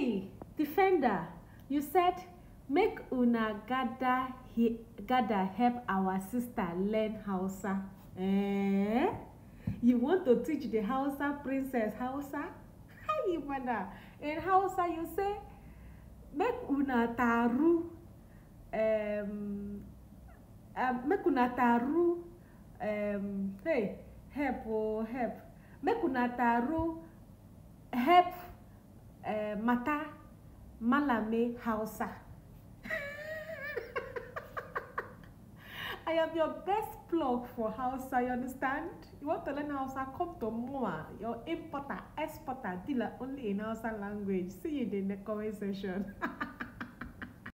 Hey, defender, you said make una gather he gather help our sister learn Hausa. Eh? You want to teach the Hausa princess Hausa? Hi, brother. In Hausa, you say make una taru um, make una taru um, hey help oh help make una taru help mata malame hausa I am your best plug for Hausa, you understand? You want to learn Hausa, come to Moa, your importer, exporter, dealer only in Hausa language. See you in the comment section.